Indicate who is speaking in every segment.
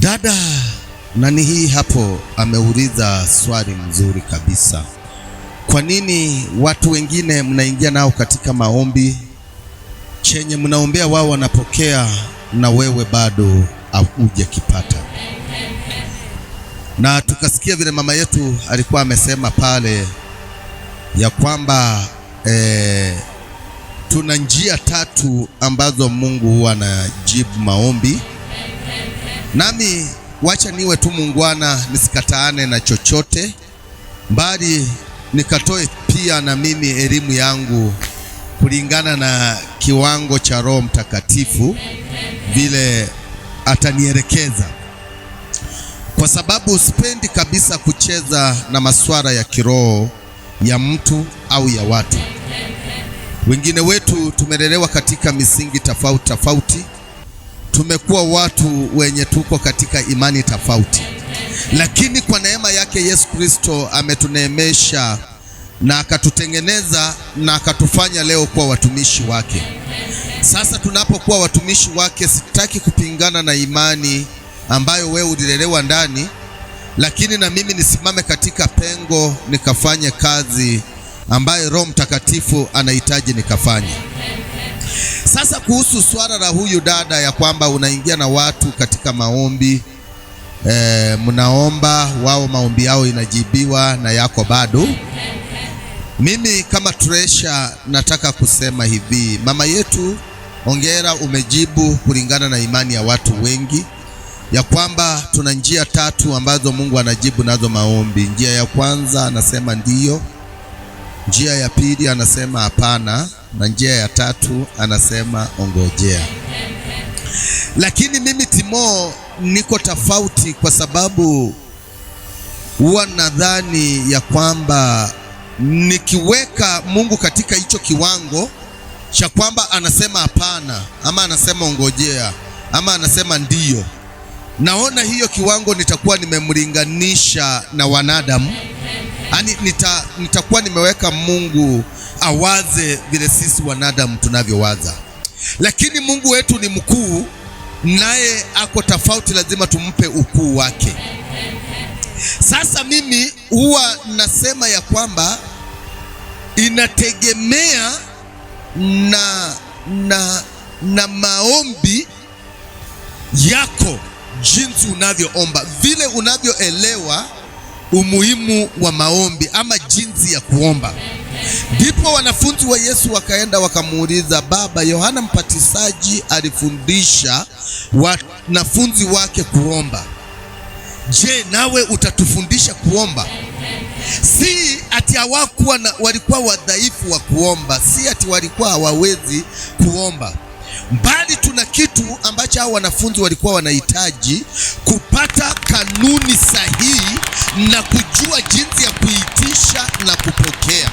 Speaker 1: Dada nani hii hapo ameuliza swali mzuri kabisa. Kwa nini watu wengine mnaingia nao katika maombi, chenye mnaombea wao wanapokea, na wewe bado hauje kipata? Na tukasikia vile mama yetu alikuwa amesema pale ya kwamba eh, tuna njia tatu ambazo Mungu huwa anajibu maombi Nami wacha niwe tu muungwana, nisikataane na chochote, bali nikatoe pia na mimi elimu yangu kulingana na kiwango cha Roho Mtakatifu vile atanielekeza, kwa sababu sipendi kabisa kucheza na masuala ya kiroho ya mtu au ya watu wengine. Wetu tumelelewa katika misingi tofauti tofauti tumekuwa watu wenye tuko katika imani tofauti, lakini kwa neema yake Yesu Kristo ametuneemesha na akatutengeneza na akatufanya leo kuwa watumishi wake. Sasa tunapokuwa watumishi wake, sitaki kupingana na imani ambayo wewe ulilelewa ndani, lakini na mimi nisimame katika pengo nikafanye kazi ambayo Roho Mtakatifu anahitaji nikafanye. Sasa kuhusu swala la huyu dada ya kwamba unaingia na watu katika maombi e, mnaomba wao, maombi yao inajibiwa na yako bado. Mimi kama Tresha nataka kusema hivi, mama yetu, ongera, umejibu kulingana na imani ya watu wengi ya kwamba tuna njia tatu ambazo Mungu anajibu nazo maombi. Njia ya kwanza anasema ndiyo Njia ya pili anasema hapana, na njia ya tatu anasema ongojea. Lakini mimi Timo niko tofauti, kwa sababu huwa nadhani ya kwamba nikiweka Mungu katika hicho kiwango cha kwamba anasema hapana ama anasema ongojea ama anasema ndiyo, naona hiyo kiwango nitakuwa nimemlinganisha na wanadamu Yaani nita, nitakuwa nimeweka Mungu awaze vile sisi wanadamu tunavyowaza, lakini Mungu wetu ni mkuu, naye ako tofauti, lazima tumpe ukuu wake. Sasa mimi huwa nasema ya kwamba inategemea na, na, na maombi yako, jinsi unavyoomba, vile unavyoelewa umuhimu wa maombi ama jinsi ya kuomba. Ndipo wanafunzi wa Yesu wakaenda wakamuuliza, Baba, Yohana Mpatisaji alifundisha wanafunzi wake kuomba. Je, nawe utatufundisha kuomba? Si ati hawakuwa na, walikuwa wadhaifu wa kuomba, si ati walikuwa hawawezi kuomba, bali tuna kitu ambacho hao wanafunzi walikuwa wanahitaji kupata kanuni sahihi na kujua jinsi ya kuitisha na kupokea.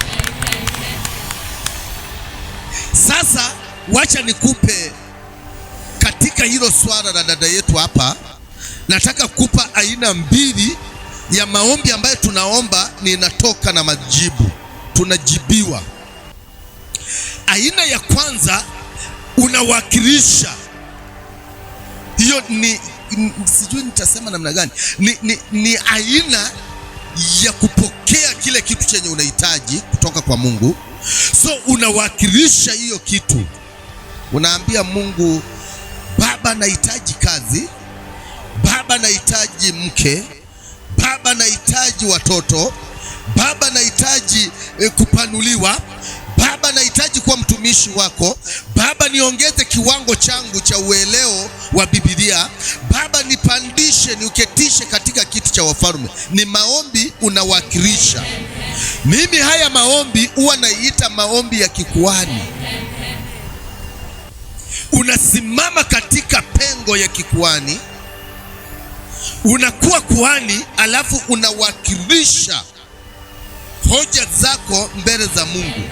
Speaker 1: Sasa wacha nikupe katika hilo swala la dada yetu hapa, nataka kupa aina mbili ya maombi ambayo tunaomba ninatoka na majibu, tunajibiwa. Aina ya kwanza unawakilisha, hiyo ni sijui nitasema namna gani, ni, ni, ni aina ya kupokea kile kitu chenye unahitaji kutoka kwa Mungu. So unawakilisha hiyo kitu, unaambia Mungu, Baba nahitaji kazi, Baba nahitaji mke, Baba nahitaji watoto, Baba nahitaji eh, kupanuliwa Baba, nahitaji kuwa mtumishi wako Baba, niongeze kiwango changu cha uelewa wa Biblia Baba, nipandishe, niuketishe katika kiti cha wafalme. Ni maombi unawakilisha. Mimi haya maombi huwa naiita maombi ya kikuani. Unasimama katika pengo ya kikuani, unakuwa kuani, alafu unawakilisha hoja zako mbele za Mungu.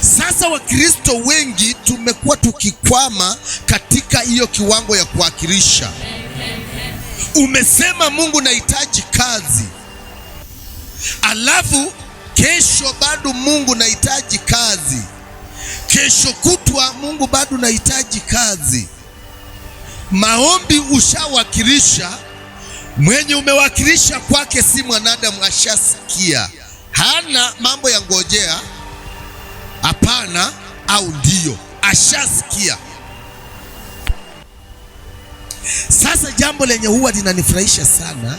Speaker 1: Sasa Wakristo wengi tumekuwa tukikwama katika hiyo kiwango ya kuwakilisha. Umesema Mungu, nahitaji kazi, alafu kesho bado Mungu, nahitaji kazi, kesho kutwa Mungu, bado nahitaji kazi. Maombi ushawakilisha, mwenye umewakilisha kwake si mwanadamu, ashasikia, hana mambo ya ngojea hapana au ndio, ashasikia. Sasa jambo lenye huwa linanifurahisha sana,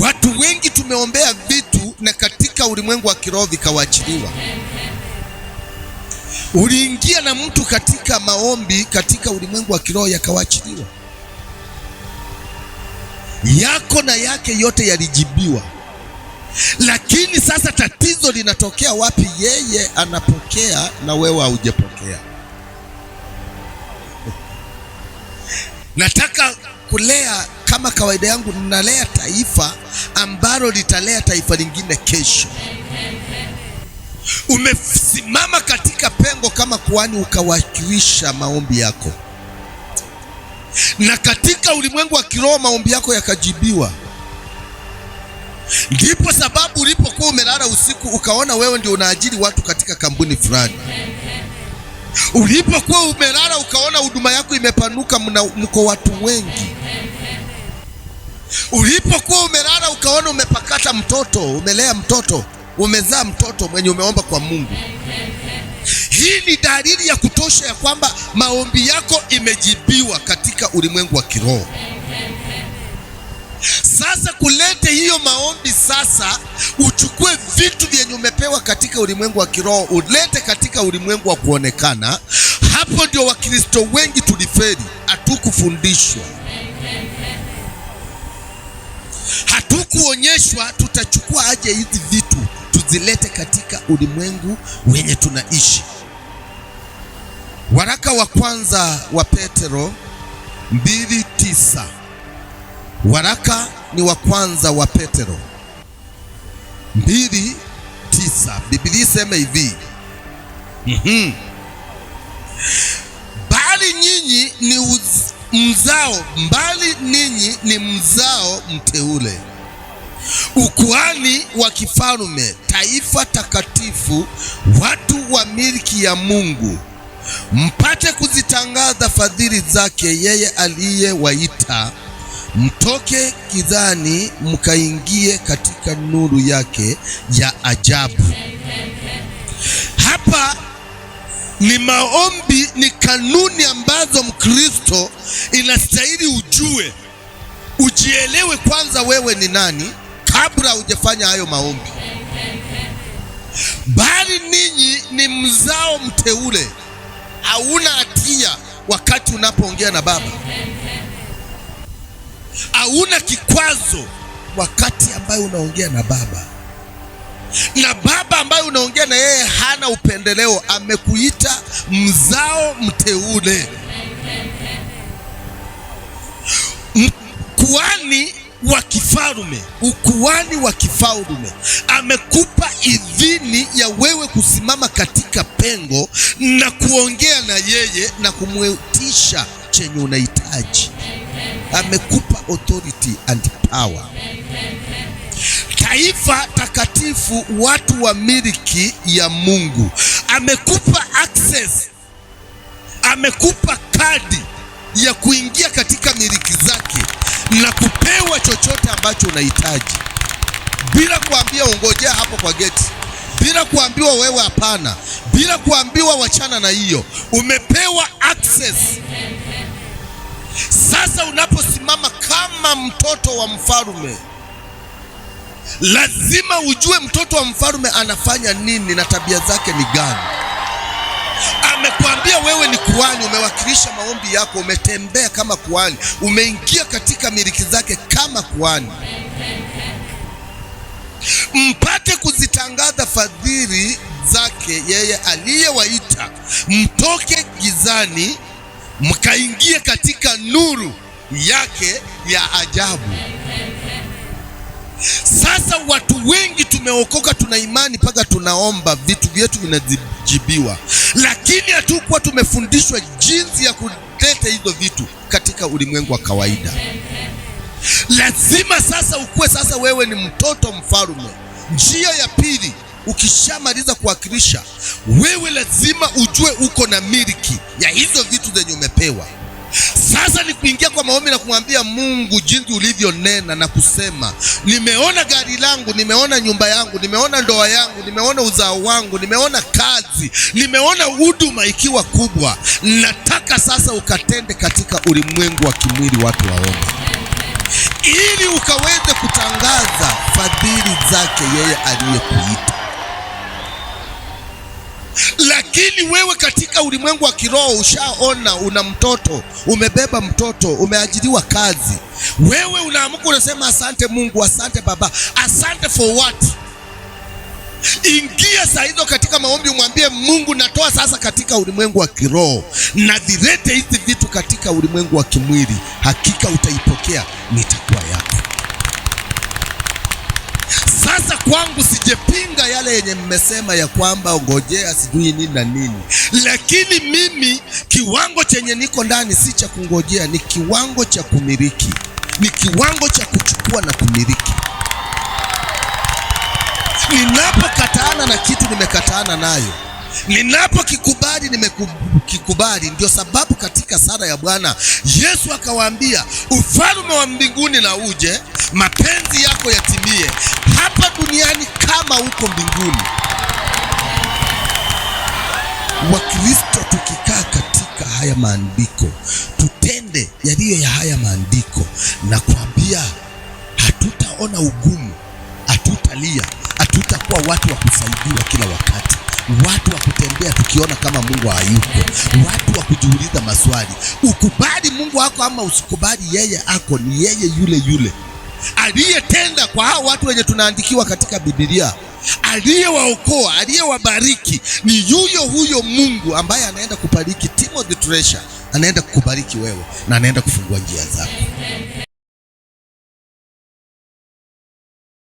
Speaker 1: watu wengi tumeombea vitu na katika ulimwengu wa kiroho vikawaachiliwa. Uliingia na mtu katika maombi, katika ulimwengu wa kiroho yakawaachiliwa, yako na yake yote yalijibiwa. Lakini sasa tatizo linatokea wapi? Yeye anapokea na wewe haujapokea. Nataka kulea kama kawaida yangu, ninalea taifa ambalo litalea taifa lingine kesho. Umesimama katika pengo kama kuhani, ukawakilisha maombi yako, na katika ulimwengu wa kiroho maombi yako yakajibiwa. Ndipo sababu ulipokuwa umelala usiku ukaona wewe ndio unaajiri watu katika kampuni fulani. Ulipokuwa umelala ukaona huduma yako imepanuka, mko watu wengi. Ulipokuwa umelala ukaona umepakata mtoto, umelea mtoto, umezaa mtoto mwenye umeomba kwa Mungu. Hii ni dalili ya kutosha ya kwamba maombi yako imejibiwa katika ulimwengu wa kiroho. hiyo maombi sasa, uchukue vitu vyenye umepewa katika ulimwengu wa kiroho ulete katika ulimwengu wa kuonekana. Hapo ndio Wakristo wengi tuliferi, hatukufundishwa, hatukuonyeshwa tutachukua aje hizi vitu tuzilete katika ulimwengu wenye tunaishi. Waraka wa kwanza wa Petero 2:9 waraka ni wa kwanza wa Petero mbili tisa Biblia isema hivi mm -hmm. Bali nyinyi ni mzao mbali ninyi ni mzao mteule, ukuhani wa kifalme, taifa takatifu, watu wa milki ya Mungu, mpate kuzitangaza fadhili zake yeye aliyewaita mtoke kidhani mkaingie katika nuru yake ya ajabu. Hapa ni maombi, ni kanuni ambazo Mkristo inastahili ujue, ujielewe kwanza wewe ni nani kabla hujafanya hayo maombi. Bali ninyi ni mzao mteule, hauna hatia wakati unapoongea na Baba hauna kikwazo wakati ambayo unaongea na Baba, na Baba ambayo unaongea na yeye hana upendeleo, amekuita mzao mteule. Mkuani wa kifalume, ukuani wa kifalume amekupa idhini ya wewe kusimama katika pengo na kuongea na yeye na kumwetisha chenye unahitaji amekupa authority and power. Taifa takatifu, watu wa miliki ya Mungu, amekupa access, amekupa kadi ya kuingia katika miliki zake na kupewa chochote ambacho unahitaji bila kuambia ungojea hapo kwa geti, bila kuambiwa wewe hapana, bila kuambiwa wachana na hiyo, umepewa access sasa unaposimama kama mtoto wa mfalme, lazima ujue mtoto wa mfalme anafanya nini na tabia zake ni gani. Amekwambia wewe ni kuhani, umewakilisha maombi yako, umetembea kama kuhani, umeingia katika miliki zake kama kuhani, mpate kuzitangaza fadhili zake yeye aliyewaita mtoke gizani mkaingie katika nuru yake ya ajabu. Sasa watu wengi tumeokoka, tuna imani mpaka tunaomba vitu vyetu vinajibiwa, lakini hatukuwa tumefundishwa jinsi ya kuleta hizo vitu katika ulimwengu wa kawaida. Lazima sasa ukuwe sasa, wewe ni mtoto mfalme. Njia ya pili, ukishamaliza kuwakilisha, wewe lazima ujue uko na miliki ya hizo vitu zenye umepewa. Sasa ni kuingia kwa maombi na kumwambia Mungu jinsi ulivyonena na kusema, nimeona gari langu, nimeona nyumba yangu, nimeona ndoa yangu, nimeona uzao wangu, nimeona kazi, nimeona huduma ikiwa kubwa. Nataka sasa ukatende katika ulimwengu wa kimwili, watu waone ili ukaweze kutangaza fadhili zake yeye aliyekuita. Lakini wewe katika ulimwengu wa kiroho ushaona, una mtoto, umebeba mtoto, umeajiriwa kazi, wewe unaamka unasema asante Mungu, asante Baba, asante for what? Ingia saa hizo katika maombi, umwambie Mungu, natoa sasa katika ulimwengu wa kiroho na hizi vitu katika ulimwengu wa kimwili. Hakika utaipokea, nitakuwa yako. Sasa kwangu sijepinga yale yenye mmesema ya kwamba ngojea sijui nini na nini, lakini mimi kiwango chenye niko ndani si cha kungojea, ni kiwango cha kumiliki, ni kiwango cha kuchukua na kumiliki ninapokataana na kitu nimekataana nayo, ninapokikubali nimekikubali. Ndio sababu katika sala ya Bwana Yesu akawaambia, ufalme wa mbinguni na uje, mapenzi yako yatimie hapa duniani kama huko mbinguni. Wakristo tukikaa katika haya maandiko, tutende yaliyo ya haya maandiko, na kuambia hatutaona ugumu, hatutalia kuwa watu wa kusaidiwa kila wakati, watu wa kutembea tukiona kama Mungu hayuko, watu wa kujiuliza maswali. Ukubali Mungu wako ama usikubali, yeye ako ni yeye yule yule aliyetenda kwa hao watu wenye tunaandikiwa katika Biblia, aliyewaokoa, aliyewabariki ni yuyo huyo Mungu ambaye anaenda kubariki Timothy Treasure, anaenda kukubariki wewe na anaenda kufungua njia zako.